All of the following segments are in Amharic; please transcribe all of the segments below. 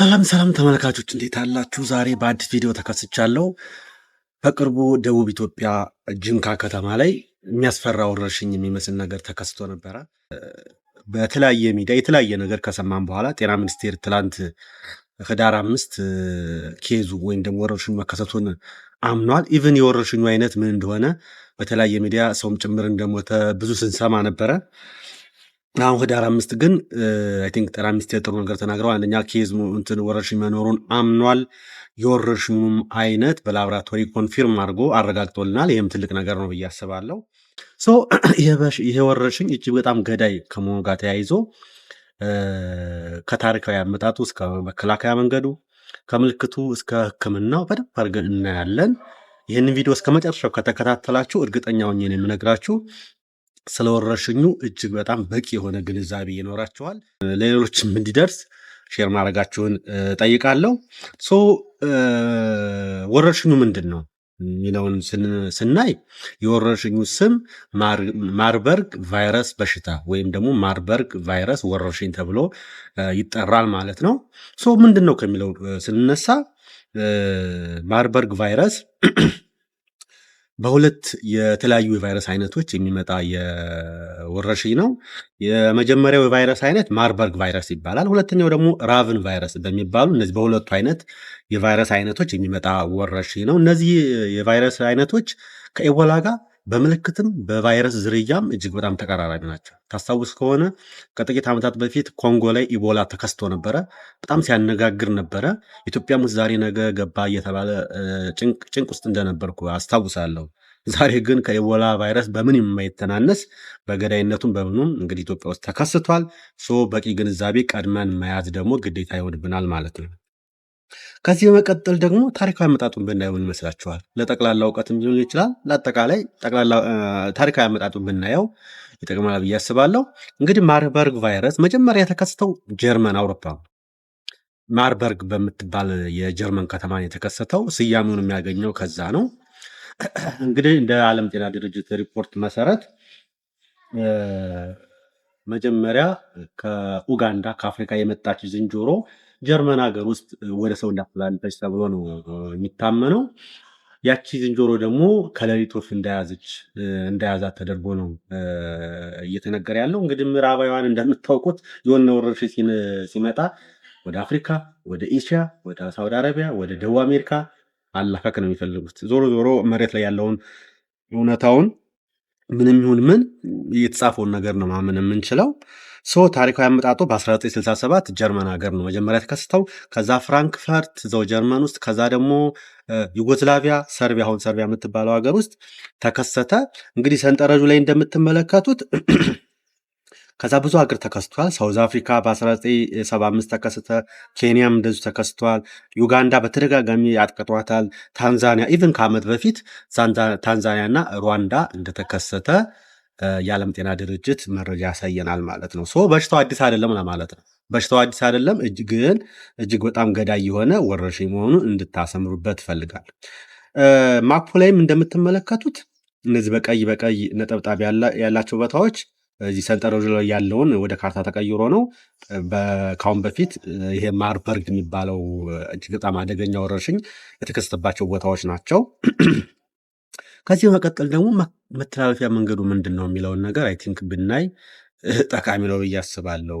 ሰላም ሰላም ተመልካቾች እንዴት አላችሁ? ዛሬ በአዲስ ቪዲዮ ተከስቻለሁ። በቅርቡ ደቡብ ኢትዮጵያ ጅንካ ከተማ ላይ የሚያስፈራ ወረርሽኝ የሚመስል ነገር ተከስቶ ነበረ። በተለያየ ሚዲያ የተለያየ ነገር ከሰማን በኋላ ጤና ሚኒስቴር ትላንት ህዳር አምስት ኬዙ ወይም ደግሞ ወረርሽኙ መከሰቱን አምኗል። ኢቨን የወረርሽኙ አይነት ምን እንደሆነ በተለያየ ሚዲያ ሰውም ጭምር እንደሞተ ብዙ ስንሰማ ነበረ። አሁን ህዳር አምስት ግን አይ ቲንክ ጠቅላይ ሚኒስትር ጥሩ ነገር ተናግረው አንደኛ ኬዝ እንትን ወረርሽኝ መኖሩን አምኗል። የወረርሽኙም አይነት በላብራቶሪ ኮንፊርም አድርጎ አረጋግጦልናል። ይህም ትልቅ ነገር ነው ብዬ አስባለሁ። ይህ ወረርሽኝ እጅግ በጣም ገዳይ ከመሆኑ ጋር ተያይዞ ከታሪካዊ አመጣጡ እስከ መከላከያ መንገዱ፣ ከምልክቱ እስከ ሕክምናው በደንብ አድርገን እናያለን። ይህንን ቪዲዮ እስከ መጨረሻው ከተከታተላችሁ እርግጠኛ ሆኜ ነው የምነግራችሁ ስለ ወረርሽኙ እጅግ በጣም በቂ የሆነ ግንዛቤ ይኖራቸዋል ለሌሎችም እንዲደርስ ሼር ማድረጋችሁን ጠይቃለሁ። ሶ ወረርሽኙ ምንድን ነው የሚለውን ስናይ የወረርሽኙ ስም ማርበርግ ቫይረስ በሽታ ወይም ደግሞ ማርበርግ ቫይረስ ወረርሽኝ ተብሎ ይጠራል ማለት ነው። ሶ ምንድን ነው ከሚለው ስንነሳ ማርበርግ ቫይረስ በሁለት የተለያዩ የቫይረስ አይነቶች የሚመጣ የወረርሽኝ ነው። የመጀመሪያው የቫይረስ አይነት ማርበርግ ቫይረስ ይባላል። ሁለተኛው ደግሞ ራቭን ቫይረስ በሚባሉ እነዚህ በሁለቱ አይነት የቫይረስ አይነቶች የሚመጣ ወረርሽኝ ነው። እነዚህ የቫይረስ አይነቶች ከኤቦላ ጋር በምልክትም በቫይረስ ዝርያም እጅግ በጣም ተቀራራቢ ናቸው። ታስታውስ ከሆነ ከጥቂት ዓመታት በፊት ኮንጎ ላይ ኢቦላ ተከስቶ ነበረ። በጣም ሲያነጋግር ነበረ። ኢትዮጵያም ውስጥ ዛሬ ነገ ገባ እየተባለ ጭንቅ ውስጥ እንደነበርኩ አስታውሳለሁ። ዛሬ ግን ከኢቦላ ቫይረስ በምን የማይተናነስ በገዳይነቱም በምኑም እንግዲህ ኢትዮጵያ ውስጥ ተከስቷል። ሶ በቂ ግንዛቤ ቀድመን መያዝ ደግሞ ግዴታ ይሆንብናል ማለት ነው። ከዚህ በመቀጠል ደግሞ ታሪካዊ አመጣጡን ብናየው ምን ይመስላችኋል? ለጠቅላላ እውቀትም ሊሆን ይችላል። ለአጠቃላይ ጠቅላላ ታሪካዊ አመጣጡን ብናየው ይጠቅማል ብዬ አስባለሁ። እንግዲህ ማርበርግ ቫይረስ መጀመሪያ የተከሰተው ጀርመን አውሮፓ ማርበርግ በምትባል የጀርመን ከተማ የተከሰተው ስያሜውን የሚያገኘው ከዛ ነው። እንግዲህ እንደ ዓለም ጤና ድርጅት ሪፖርት መሰረት መጀመሪያ ከኡጋንዳ ከአፍሪካ የመጣች ዝንጀሮ ጀርመን ሀገር ውስጥ ወደ ሰው እንዳስተላለፈች ተብሎ ነው የሚታመነው። ያቺ ዝንጀሮ ደግሞ ከሌሊት ወፍ እንደያዘች እንደያዛት ተደርጎ ነው እየተነገረ ያለው። እንግዲህ ምዕራባውያን እንደምታውቁት የሆነ ወረርሽኝ ሲመጣ ወደ አፍሪካ፣ ወደ ኤሽያ፣ ወደ ሳውዲ አረቢያ፣ ወደ ደቡብ አሜሪካ አላካክ ነው የሚፈልጉት። ዞሮ ዞሮ መሬት ላይ ያለውን እውነታውን ምንም ይሁን ምን የተጻፈውን ነገር ነው ማመን የምንችለው። ሶ ታሪካዊ አመጣጡ በ1967 ጀርመን ሀገር ነው መጀመሪያ የተከሰተው። ከዛ ፍራንክፈርት ዘው ጀርመን ውስጥ ከዛ ደግሞ ዩጎስላቪያ፣ ሰርቢያ አሁን ሰርቢያ የምትባለው ሀገር ውስጥ ተከሰተ። እንግዲህ ሰንጠረዡ ላይ እንደምትመለከቱት ከዛ ብዙ ሀገር ተከስቷል። ሳውዝ አፍሪካ በ1975 ተከስተ፣ ኬንያም እንደዚሁ ተከስቷል። ዩጋንዳ በተደጋጋሚ ያጥቅጧታል። ታንዛኒያ ኢቨን ከአመት በፊት ታንዛኒያ እና ሩዋንዳ እንደተከሰተ የዓለም ጤና ድርጅት መረጃ ያሳየናል ማለት ነው። ሶ በሽታው አዲስ አይደለም ለማለት ነው። በሽታው አዲስ አይደለም፣ ግን እጅግ በጣም ገዳይ የሆነ ወረርሽኝ መሆኑን እንድታሰምሩበት ይፈልጋል። ማፑ ላይም እንደምትመለከቱት እነዚህ በቀይ በቀይ ነጠብጣብ ያላቸው ቦታዎች እዚህ ሰንጠረዡ ላይ ያለውን ወደ ካርታ ተቀይሮ ነው። ከአሁን በፊት ይሄ ማርበርግ የሚባለው እጅግ በጣም አደገኛ ወረርሽኝ የተከሰተባቸው ቦታዎች ናቸው። ከዚህ በመቀጠል ደግሞ መተላለፊያ መንገዱ ምንድን ነው የሚለውን ነገር አይ ቲንክ ብናይ ጠቃሚ ነው ብዬ አስባለሁ።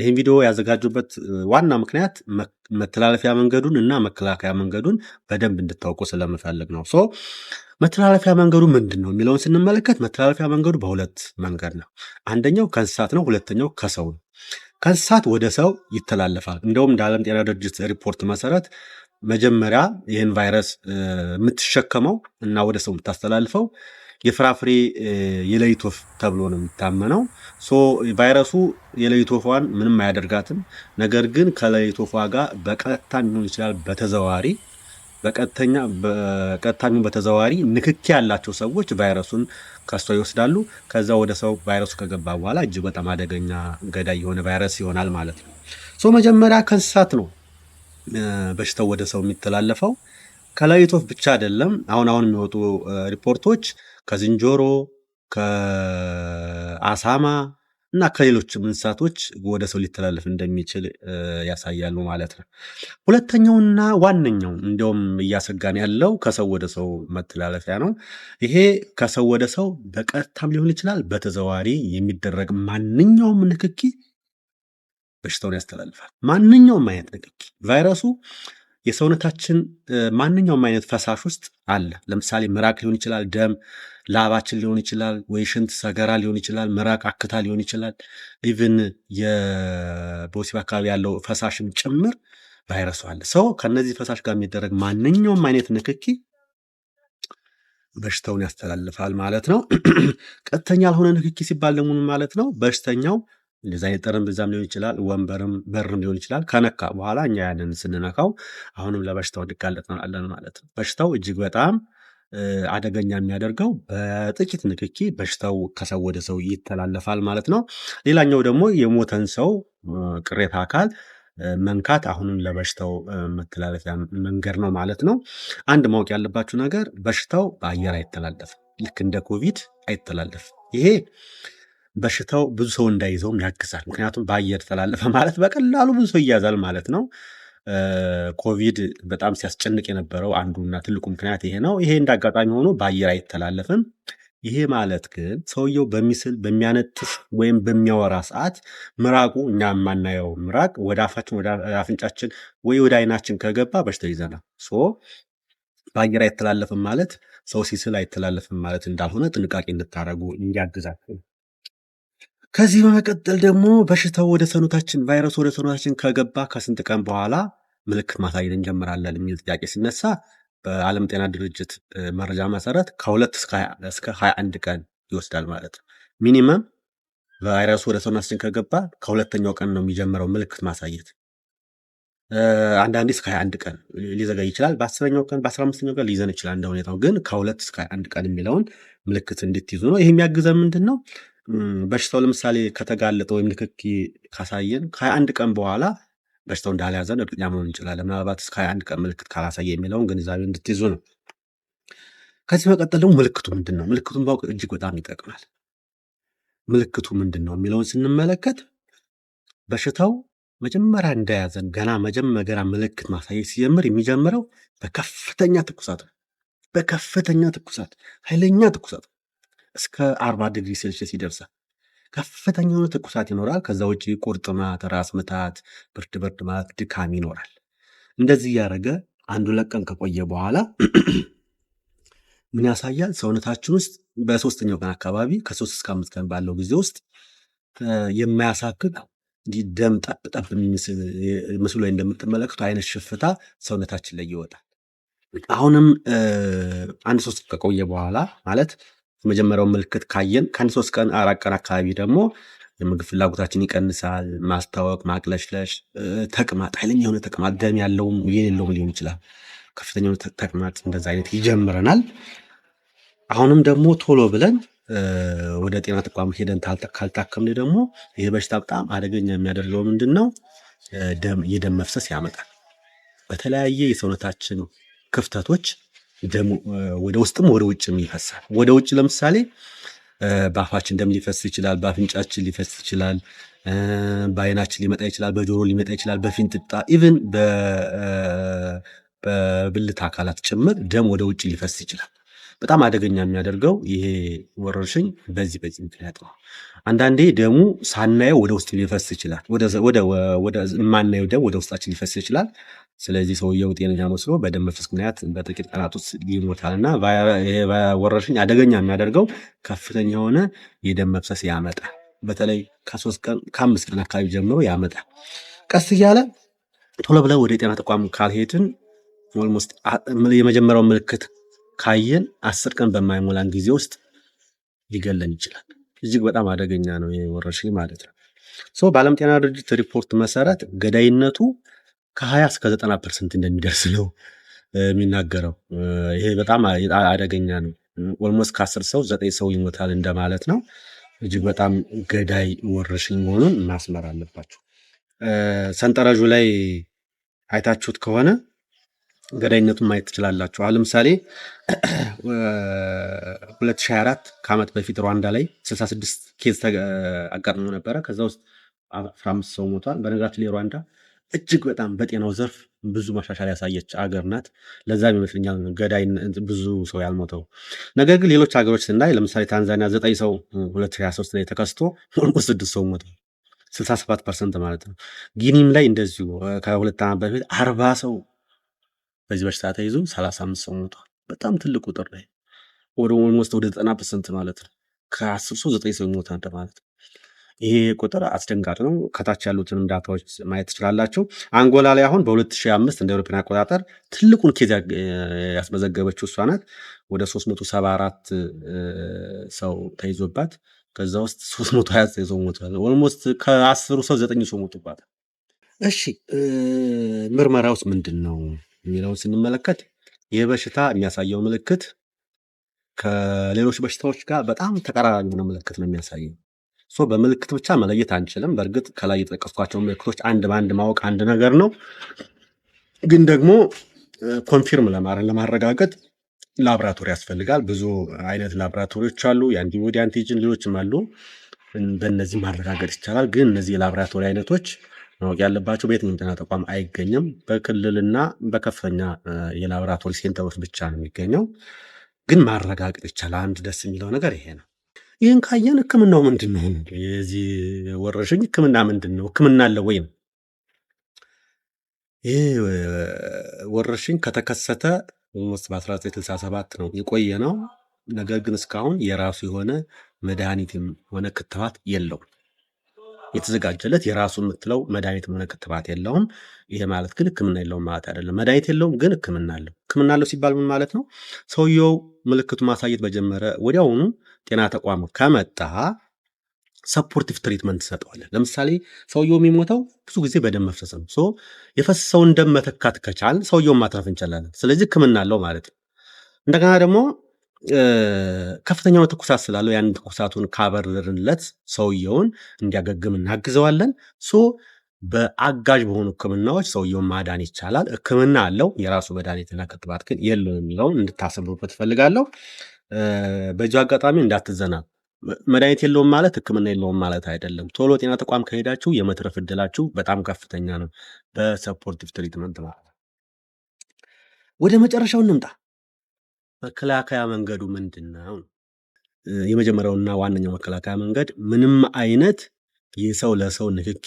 ይህን ቪዲዮ ያዘጋጁበት ዋና ምክንያት መተላለፊያ መንገዱን እና መከላከያ መንገዱን በደንብ እንድታውቁ ስለምፈልግ ነው። ሶ መተላለፊያ መንገዱ ምንድን ነው የሚለውን ስንመለከት መተላለፊያ መንገዱ በሁለት መንገድ ነው። አንደኛው ከእንስሳት ነው፣ ሁለተኛው ከሰው ነው። ከእንስሳት ወደ ሰው ይተላለፋል። እንደውም እንደ ዓለም ጤና ድርጅት ሪፖርት መሰረት መጀመሪያ ይህን ቫይረስ የምትሸከመው እና ወደ ሰው የምታስተላልፈው የፍራፍሬ የለይት ወፍ ተብሎ ነው የሚታመነው። ቫይረሱ የሌሊት ወፏን ምንም አያደርጋትም። ነገር ግን ከለይት ወፏ ጋር በቀጥታ ሊሆን ይችላል በተዘዋዋሪ በቀጥተኛ ሚሆን በተዘዋዋሪ ንክኪ ያላቸው ሰዎች ቫይረሱን ከሷ ይወስዳሉ። ከዛ ወደ ሰው ቫይረሱ ከገባ በኋላ እጅግ በጣም አደገኛ ገዳይ የሆነ ቫይረስ ይሆናል ማለት ነው። መጀመሪያ ከእንስሳት ነው በሽታው ወደ ሰው የሚተላለፈው ከላይት ወፍ ብቻ አይደለም። አሁን አሁን የሚወጡ ሪፖርቶች ከዝንጀሮ፣ ከአሳማ እና ከሌሎችም እንስሳቶች ወደ ሰው ሊተላለፍ እንደሚችል ያሳያሉ ማለት ነው። ሁለተኛውና ዋነኛው እንዲያውም እያሰጋን ያለው ከሰው ወደ ሰው መተላለፊያ ነው። ይሄ ከሰው ወደ ሰው በቀጥታም ሊሆን ይችላል፣ በተዘዋዋሪ የሚደረግ ማንኛውም ንክኪ በሽታውን ያስተላልፋል። ማንኛውም አይነት ንክኪ ቫይረሱ የሰውነታችን ማንኛውም አይነት ፈሳሽ ውስጥ አለ። ለምሳሌ ምራቅ ሊሆን ይችላል፣ ደም ላባችን ሊሆን ይችላል፣ ወይ ሽንት ሰገራ ሊሆን ይችላል፣ ምራቅ አክታ ሊሆን ይችላል። ኢቭን የቦሲብ አካባቢ ያለው ፈሳሽም ጭምር ቫይረሱ አለ። ሰው ከነዚህ ፈሳሽ ጋር የሚደረግ ማንኛውም አይነት ንክኪ በሽታውን ያስተላልፋል ማለት ነው። ቀጥተኛ ያልሆነ ንክኪ ሲባል ደግሞ ማለት ነው በሽተኛው እንደዛ ጠረጴዛም ሊሆን ይችላል፣ ወንበርም በርም ሊሆን ይችላል። ከነካ በኋላ እኛ ያንን ስንነካው አሁንም ለበሽታው እንጋለጣለን ማለት ነው። በሽታው እጅግ በጣም አደገኛ የሚያደርገው በጥቂት ንክኪ በሽታው ከሰው ወደ ሰው ይተላለፋል ማለት ነው። ሌላኛው ደግሞ የሞተን ሰው ቅሬታ አካል መንካት አሁንም ለበሽታው መተላለፊያ መንገድ ነው ማለት ነው። አንድ ማወቅ ያለባችሁ ነገር በሽታው በአየር አይተላለፍም። ልክ እንደ ኮቪድ አይተላለፍም። ይሄ በሽታው ብዙ ሰው እንዳይዘውም ያግዛል። ምክንያቱም በአየር ተላለፈ ማለት በቀላሉ ብዙ ሰው ይያዛል ማለት ነው። ኮቪድ በጣም ሲያስጨንቅ የነበረው አንዱና ትልቁ ምክንያት ይሄ ነው። ይሄ እንደ አጋጣሚ ሆኖ በአየር አይተላለፍም። ይሄ ማለት ግን ሰውየው በሚስል በሚያነጥስ ወይም በሚያወራ ሰዓት ምራቁ እኛ የማናየው ምራቅ ወደ አፋችን ወደ አፍንጫችን ወይ ወደ አይናችን ከገባ በሽታው ይዘናል። ሶ በአየር አይተላለፍም ማለት ሰው ሲስል አይተላለፍም ማለት እንዳልሆነ ጥንቃቄ እንድታደርጉ እንዲያግዛል ከዚህ በመቀጠል ደግሞ በሽታው ወደ ሰውነታችን ቫይረሱ ወደ ሰውነታችን ከገባ ከስንት ቀን በኋላ ምልክት ማሳየት እንጀምራለን የሚል ጥያቄ ሲነሳ በዓለም ጤና ድርጅት መረጃ መሰረት ከሁለት እስከ አንድ ቀን ይወስዳል ማለት ነው። ሚኒመም ቫይረሱ ወደ ሰውነታችን ከገባ ከሁለተኛው ቀን ነው የሚጀምረው ምልክት ማሳየት። አንዳንዴ እስከ አንድ ቀን ሊዘገይ ይችላል። በአስረኛው ቀን በ 15 ቀን ሊይዘን ይችላል እንደ ሁኔታው። ግን ከሁለት እስከ አንድ ቀን የሚለውን ምልክት እንድትይዙ ነው። ይህ የሚያግዘን ምንድን ነው? በሽታው ለምሳሌ ከተጋለጠ ወይም ንክኪ ካሳየን ከሀያ አንድ ቀን በኋላ በሽታው እንዳልያዘን እርግጠኛ መሆን እንችላለን። ምናልባት እስከ ሀያ አንድ ቀን ምልክት ካላሳየ የሚለውን ግንዛቤ እንድትይዙ ነው። ከዚህ በቀጠል ደግሞ ምልክቱ ምንድን ነው? ምልክቱን ባውቅ እጅግ በጣም ይጠቅማል። ምልክቱ ምንድን ነው የሚለውን ስንመለከት በሽታው መጀመሪያ እንደያዘን ገና መጀመሪያ ምልክት ማሳየት ሲጀምር የሚጀምረው በከፍተኛ ትኩሳት ነው። በከፍተኛ ትኩሳት፣ ኃይለኛ ትኩሳት እስከ አርባ ዲግሪ ሴልሽስ ይደርሳል። ከፍተኛ የሆነ ትኩሳት ይኖራል። ከዛ ውጭ ቁርጥማት፣ ራስ ምታት፣ ብርድ ብርድ ማለት ድካም ይኖራል። እንደዚህ እያደረገ አንዱ ለቀን ከቆየ በኋላ ምን ያሳያል? ሰውነታችን ውስጥ በሶስተኛው ቀን አካባቢ ከሶስት እስከ አምስት ቀን ባለው ጊዜ ውስጥ የማያሳክክ እንዲህ ደም ጠብጠብ ምስሉ ላይ እንደምትመለከቱ አይነት ሽፍታ ሰውነታችን ላይ ይወጣል። አሁንም አንድ ሶስት ከቆየ በኋላ ማለት የመጀመሪያው ምልክት ካየን ከአንድ ሶስት ቀን አራት ቀን አካባቢ ደግሞ የምግብ ፍላጎታችን ይቀንሳል። ማስታወቅ፣ ማቅለሽለሽ፣ ተቅማጥ፣ ኃይለኛ የሆነ ተቅማጥ፣ ደም ያለውም የሌለውም ሊሆን ይችላል። ከፍተኛ የሆነ ተቅማጥ እንደዛ አይነት ይጀምረናል። አሁንም ደግሞ ቶሎ ብለን ወደ ጤና ተቋም ሄደን ካልታከምን ደግሞ ይህ በሽታ በጣም አደገኛ የሚያደርገው ምንድን ነው? የደም መፍሰስ ያመጣል። በተለያየ የሰውነታችን ክፍተቶች ወደ ውስጥም ወደ ውጭም ይፈሳል። ወደ ውጭ ለምሳሌ በአፋችን ደም ሊፈስ ይችላል፣ በአፍንጫችን ሊፈስ ይችላል፣ በአይናችን ሊመጣ ይችላል፣ በጆሮ ሊመጣ ይችላል፣ በፊንጥጣ ኢቭን በብልት አካላት ጭምር ደም ወደ ውጭ ሊፈስ ይችላል። በጣም አደገኛ የሚያደርገው ይሄ ወረርሽኝ በዚህ በዚህ ምክንያት ነው። አንዳንዴ ደሙ ሳናየው ወደ ውስጥ ሊፈስ ይችላል። የማናየው ማናየው ደም ወደ ውስጣችን ሊፈስ ይችላል። ስለዚህ ሰውየው ጤነኛ መስሎ በደም መፍሰስ ምክንያት በጥቂት ቀናት ውስጥ ይሞታል እና ወረርሽኝ አደገኛ የሚያደርገው ከፍተኛ የሆነ የደም መፍሰስ ያመጣ በተለይ ከሶስት ቀን ከአምስት ቀን አካባቢ ጀምሮ ያመጣ ቀስ እያለ ቶሎ ብለን ወደ ጤና ተቋም ካልሄድን ኦልሞስት የመጀመሪያው ምልክት ካየን አስር ቀን በማይሞላን ጊዜ ውስጥ ሊገለን ይችላል። እጅግ በጣም አደገኛ ነው ይህ ወረርሽኝ ማለት ነው። በዓለም ጤና ድርጅት ሪፖርት መሰረት ገዳይነቱ ከ ከሀያ እስከ ዘጠና ፐርሰንት እንደሚደርስ ነው የሚናገረው። ይሄ በጣም አደገኛ ነው። ኦልሞስት ከአስር ሰው ዘጠኝ ሰው ይሞታል እንደማለት ነው። እጅግ በጣም ገዳይ ወረርሽኝ መሆኑን ማስመር አለባቸው። ሰንጠረዡ ላይ አይታችሁት ከሆነ ገዳይነቱን ማየት ትችላላችሁ። አሁን ለምሳሌ 2024 ከዓመት በፊት ሩዋንዳ ላይ 66 ኬዝ አጋጥሞ ነበረ። ከዛ ውስጥ 15 ሰው ሞቷል። በነገራችን ላይ ሩዋንዳ እጅግ በጣም በጤናው ዘርፍ ብዙ መሻሻል ያሳየች አገር ናት። ለዛም ይመስለኛል ገዳይ ብዙ ሰው ያልሞተው። ነገር ግን ሌሎች ሀገሮች ስናይ ለምሳሌ ታንዛኒያ ዘጠኝ ሰው 2023 ላይ ተከስቶ ሞልሞ ስድስት ሰው ሞተ፣ 67 ፐርሰንት ማለት ነው። ጊኒም ላይ እንደዚሁ ከሁለት ዓመት በፊት አርባ ሰው በዚህ በሽታ ተይዞ 35 ሰው ሞቷል። በጣም ትልቅ ቁጥር ላይ ወደ ኦልሞስት ወደ ፐርሰንት ማለት ነው። ከአስር ሰው ዘጠኝ ሰው ይሞታል ማለት ነው። ይሄ ቁጥር አስደንጋጭ ነው። ከታች ያሉትን ዳታዎች ማየት ትችላላችሁ። አንጎላ ላይ አሁን በ2005 እንደ ኤሮፓን አቆጣጠር ትልቁን ኬዝ ያስመዘገበችው እሷ ናት። ወደ 374 ሰው ተይዞባት ከዛ ውስጥ 320 ሰው ሞቷል። ኦልሞስት ከአስሩ ሰው ዘጠኝ ሰው ሞቱባት። እሺ ምርመራ ውስጥ ምንድን ነው የሚለውን ስንመለከት ይህ በሽታ የሚያሳየው ምልክት ከሌሎች በሽታዎች ጋር በጣም ተቀራራቢ የሆነ ምልክት ነው የሚያሳየው ሶ በምልክት ብቻ መለየት አንችልም። በእርግጥ ከላይ የጠቀስኳቸው ምልክቶች አንድ በአንድ ማወቅ አንድ ነገር ነው። ግን ደግሞ ኮንፊርም ለማረጋገጥ ላብራቶሪ ያስፈልጋል። ብዙ አይነት ላብራቶሪዎች አሉ። የአንቲቦዲ አንቲጅን፣ ሌሎችም አሉ። በእነዚህ ማረጋገጥ ይቻላል። ግን እነዚህ የላብራቶሪ አይነቶች ማወቅ ያለባቸው በየትኛውም ጤና ተቋም አይገኝም። በክልልና በከፍተኛ የላብራቶሪ ሴንተሮች ብቻ ነው የሚገኘው። ግን ማረጋገጥ ይቻላል። አንድ ደስ የሚለው ነገር ይሄ ነው። ይህን ካየን ህክምናው ምንድን ነው? የዚህ ወረርሽኝ ህክምና ምንድን ነው? ህክምና አለ ወይም ይህ ወረርሽኝ ከተከሰተ ስ በ1967 ነው የቆየ ነው። ነገር ግን እስካሁን የራሱ የሆነ መድኃኒትም ሆነ ክትባት የለውም። የተዘጋጀለት የራሱ የምትለው መድኃኒትም ሆነ ክትባት የለውም። ይሄ ማለት ግን ህክምና የለውም ማለት አይደለም። መድኃኒት የለውም ግን ህክምና አለው። ህክምና አለው ሲባል ምን ማለት ነው? ሰውየው ምልክቱ ማሳየት በጀመረ ወዲያውኑ ጤና ተቋም ከመጣ ሰፖርቲቭ ትሪትመንት ትሰጠዋለን። ለምሳሌ ሰውየው የሚሞተው ብዙ ጊዜ በደም መፍሰስ ነው። ሶ የፈሰሰውን ደም መተካት ከቻል ሰውየውን ማትረፍ እንችላለን። ስለዚህ ክምና አለው ማለት ነው። እንደገና ደግሞ ከፍተኛው ትኩሳት ስላለው ያን ትኩሳቱን ካበርርንለት ሰውየውን እንዲያገግም እናግዘዋለን። ሶ በአጋዥ በሆኑ ህክምናዎች ሰውየውን ማዳን ይቻላል። ህክምና አለው የራሱ መድኃኒትና ክትባት ግን የለው የሚለውን እንድታሰብበት እፈልጋለሁ። በዚሁ አጋጣሚ እንዳትዘና መድኃኒት የለውም ማለት ህክምና የለውም ማለት አይደለም። ቶሎ ጤና ተቋም ከሄዳችሁ የመትረፍ እድላችሁ በጣም ከፍተኛ ነው፣ በሰፖርቲቭ ትሪትመንት ማለት ወደ መጨረሻው እንምጣ። መከላከያ መንገዱ ምንድን ነው? የመጀመሪያውና ዋነኛው መከላከያ መንገድ ምንም አይነት የሰው ለሰው ንክኪ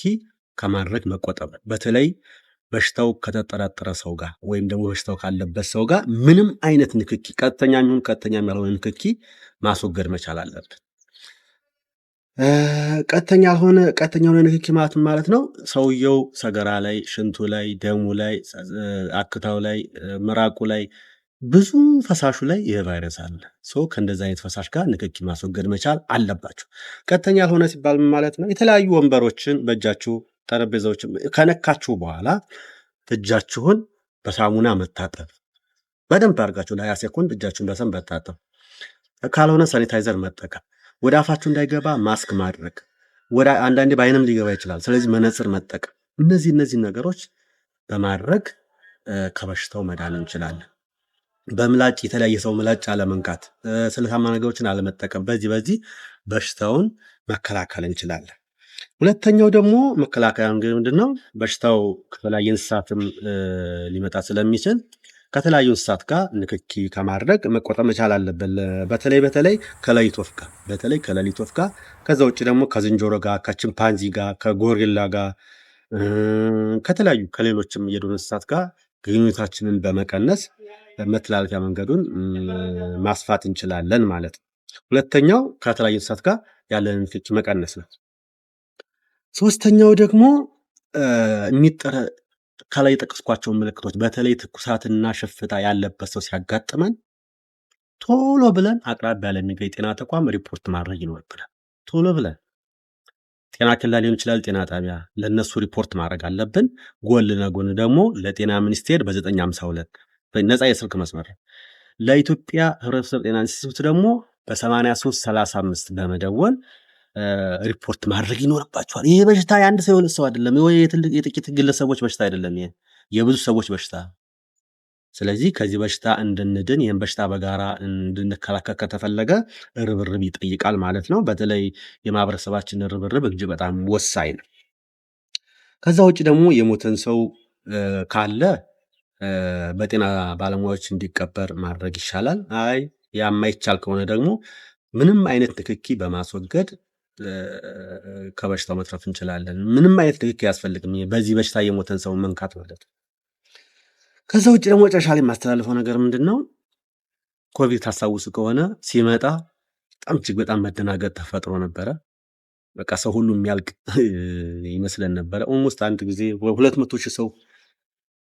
ከማድረግ መቆጠብ፣ በተለይ በሽታው ከተጠረጠረ ሰው ጋር ወይም ደግሞ በሽታው ካለበት ሰው ጋር ምንም አይነት ንክኪ፣ ቀጥተኛ የሚሆን ቀጥተኛ ያልሆነ ንክኪ ማስወገድ መቻል አለብን። ቀጥተኛ ያልሆነ ቀጥተኛ የሆነ ንክኪ ማለት ማለት ነው ሰውየው ሰገራ ላይ፣ ሽንቱ ላይ፣ ደሙ ላይ፣ አክታው ላይ፣ ምራቁ ላይ ብዙ ፈሳሹ ላይ ይህ ቫይረስ አለ። ሰው ከእንደዚህ አይነት ፈሳሽ ጋር ንክኪ ማስወገድ መቻል አለባቸው። ቀጥተኛ ያልሆነ ሲባል ማለት ነው የተለያዩ ወንበሮችን በእጃችሁ ጠረጴዛዎች ከነካችሁ በኋላ እጃችሁን በሳሙና መታጠብ በደንብ አድርጋችሁ ለሀያ ሴኮንድ እጃችሁን በሰም መታጠብ፣ ካልሆነ ሳኒታይዘር መጠቀም፣ ወደ አፋችሁ እንዳይገባ ማስክ ማድረግ፣ ወደ አንዳንዴ በአይንም ሊገባ ይችላል። ስለዚህ መነጽር መጠቀም፣ እነዚህ እነዚህ ነገሮች በማድረግ ከበሽታው መዳን እንችላለን። በምላጭ የተለያየ ሰው ምላጭ አለመንካት፣ ስለታማ ነገሮችን አለመጠቀም፣ በዚህ በዚህ በሽታውን መከላከል እንችላለን። ሁለተኛው ደግሞ መከላከያ እንግዲህ ምንድን ነው? በሽታው ከተለያየ እንስሳትም ሊመጣ ስለሚችል ከተለያዩ እንስሳት ጋር ንክኪ ከማድረግ መቆጠብ መቻል አለብን። በተለይ በተለይ ከሌሊት ወፍ ጋር በተለይ ከሌሊት ወፍ ጋር፣ ከዛ ውጭ ደግሞ ከዝንጀሮ ጋር፣ ከቺምፓንዚ ጋር፣ ከጎሪላ ጋር ከተለያዩ ከሌሎችም የዱር እንስሳት ጋር ግንኙነታችንን በመቀነስ መተላለፊያ መንገዱን ማስፋት እንችላለን ማለት ነው። ሁለተኛው ከተለያዩ እንስሳት ጋር ያለን ንክኪ መቀነስ ነው። ሶስተኛው ደግሞ የሚጠረ ከላይ የጠቀስኳቸውን ምልክቶች በተለይ ትኩሳትና ሽፍታ ያለበት ሰው ሲያጋጥመን ቶሎ ብለን አቅራቢያ ለሚገኝ ጤና ተቋም ሪፖርት ማድረግ ይኖርብናል። ቶሎ ብለን ጤና ኬላ ሊሆን ይችላል፣ ጤና ጣቢያ ለእነሱ ሪፖርት ማድረግ አለብን። ጎን ለጎን ደግሞ ለጤና ሚኒስቴር በ952 ነፃ የስልክ መስመር ለኢትዮጵያ ህብረተሰብ ጤና ኢንስቲትዩት ደግሞ በ8335 በመደወል ሪፖርት ማድረግ ይኖርባቸዋል። ይህ በሽታ የአንድ ሰው የሆነ ሰው አይደለም፣ የጥቂት ግለሰቦች በሽታ አይደለም፣ ይሄ የብዙ ሰዎች በሽታ። ስለዚህ ከዚህ በሽታ እንድንድን ይህን በሽታ በጋራ እንድንከላከል ከተፈለገ ርብርብ ይጠይቃል ማለት ነው። በተለይ የማህበረሰባችን ርብርብ እጅ በጣም ወሳኝ ነው። ከዛ ውጭ ደግሞ የሞተን ሰው ካለ በጤና ባለሙያዎች እንዲቀበር ማድረግ ይሻላል። አይ ያማይቻል ከሆነ ደግሞ ምንም አይነት ንክኪ በማስወገድ ከበሽታው መትረፍ እንችላለን። ምንም አይነት ንክኪ አያስፈልግም። በዚህ በሽታ የሞተን ሰው መንካት ማለት ነው። ከዛ ውጭ ደግሞ መጨረሻ ላይ የማስተላልፈው ነገር ምንድን ነው? ኮቪድ ታስታውሱ ከሆነ ሲመጣ በጣም እጅግ በጣም መደናገጥ ተፈጥሮ ነበረ። በቃ ሰው ሁሉ የሚያልቅ ይመስለን ነበረ። ኦልሞስት አንድ ጊዜ ሁለት መቶ ሺህ ሰው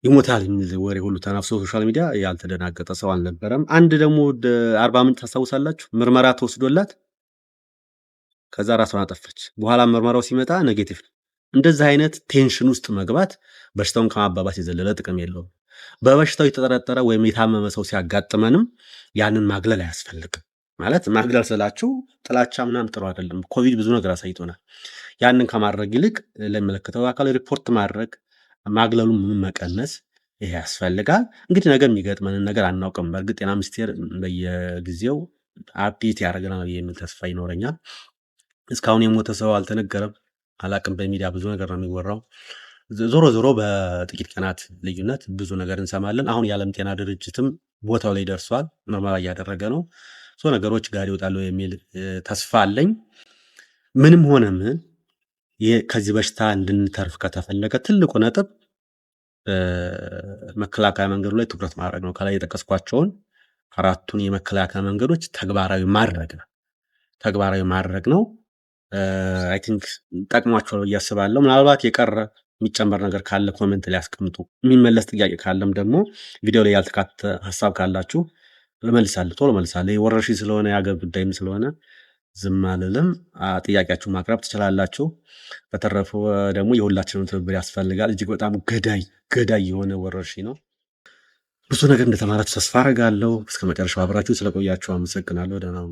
ይሞታል የሚል ወሬ ሁሉ ተናፍሶ ሶሻል ሚዲያ ያልተደናገጠ ሰው አልነበረም። አንድ ደግሞ አርባ ምንጭ ታስታውሳላችሁ፣ ምርመራ ተወስዶላት ከዛ ራሷን አጠፋች። በኋላ ምርመራው ሲመጣ ኔጌቲቭ ነው። እንደዚህ አይነት ቴንሽን ውስጥ መግባት በሽታውን ከማባባስ የዘለለ ጥቅም የለውም። በበሽታው የተጠረጠረ ወይም የታመመ ሰው ሲያጋጥመንም ያንን ማግለል አያስፈልግም። ማለት ማግለል ስላችሁ ጥላቻ ምናምን ጥሩ አይደለም። ኮቪድ ብዙ ነገር አሳይቶናል። ያንን ከማድረግ ይልቅ ለሚመለከተው አካል ሪፖርት ማድረግ፣ ማግለሉን ምን መቀነስ ይሄ ያስፈልጋል። እንግዲህ ነገር የሚገጥመንን ነገር አናውቅም። በእርግጥ ጤና ሚኒስቴር በየጊዜው አፕዴት ያደርገናል የሚል ተስፋ ይኖረኛል። እስካሁን የሞተ ሰው አልተነገረም፣ አላቅም። በሚዲያ ብዙ ነገር ነው የሚወራው። ዞሮ ዞሮ በጥቂት ቀናት ልዩነት ብዙ ነገር እንሰማለን። አሁን የዓለም ጤና ድርጅትም ቦታው ላይ ደርሷል፣ ምርመራ እያደረገ ነው። ሶ ነገሮች ጋር ይወጣሉ የሚል ተስፋ አለኝ። ምንም ሆነ ምን ከዚህ በሽታ እንድንተርፍ ከተፈለገ ትልቁ ነጥብ መከላከያ መንገዱ ላይ ትኩረት ማድረግ ነው። ከላይ የጠቀስኳቸውን አራቱን የመከላከያ መንገዶች ተግባራዊ ማድረግ ነው ተግባራዊ ማድረግ ነው። አይ ቲንክ ጠቅሟቸዋል ብዬ አስባለሁ። ምናልባት የቀረ የሚጨመር ነገር ካለ ኮመንት ላይ ያስቀምጡ። የሚመለስ ጥያቄ ካለም ደግሞ ቪዲዮ ላይ ያልተካተ ሀሳብ ካላችሁ እመልሳለሁ፣ ቶሎ እመልሳለሁ። የወረርሽኝ ስለሆነ የአገር ጉዳይም ስለሆነ ዝም አልልም። ጥያቄያችሁ ማቅረብ ትችላላችሁ። በተረፈ ደግሞ የሁላችንም ትብብር ያስፈልጋል። እጅግ በጣም ገዳይ ገዳይ የሆነ ወረርሽኝ ነው። ብዙ ነገር እንደተማራችሁ ተስፋ አደርጋለሁ። እስከ መጨረሻው አብራችሁ ስለቆያችሁ አመሰግናለሁ። ደህና